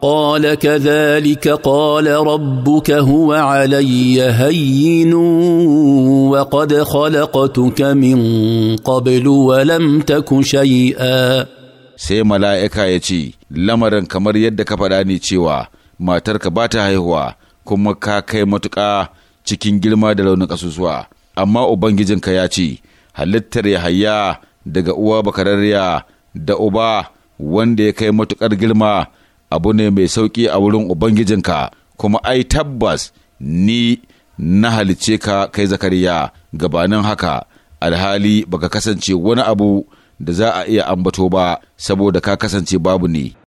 قال كذلك قال ربك هو علي هين وقد خلقتك من قبل ولم تك شيئا sai mala'ika ya ce lamarin kamar yadda ka faɗa ni cewa matarka ba ta haihuwa kuma ka kai matuƙa cikin girma da launin ƙasusuwa amma ubangijinka ya ce halittar ya hayya daga uwa bakararriya da uba wanda ya kai matuƙar girma abu ne mai sauƙi a wurin Ubangijinka, kuma ai tabbas ni na halice ka kai zakariya gabanin haka alhali baka kasance wani abu da za a iya ambato ba saboda ka kasance babu ne.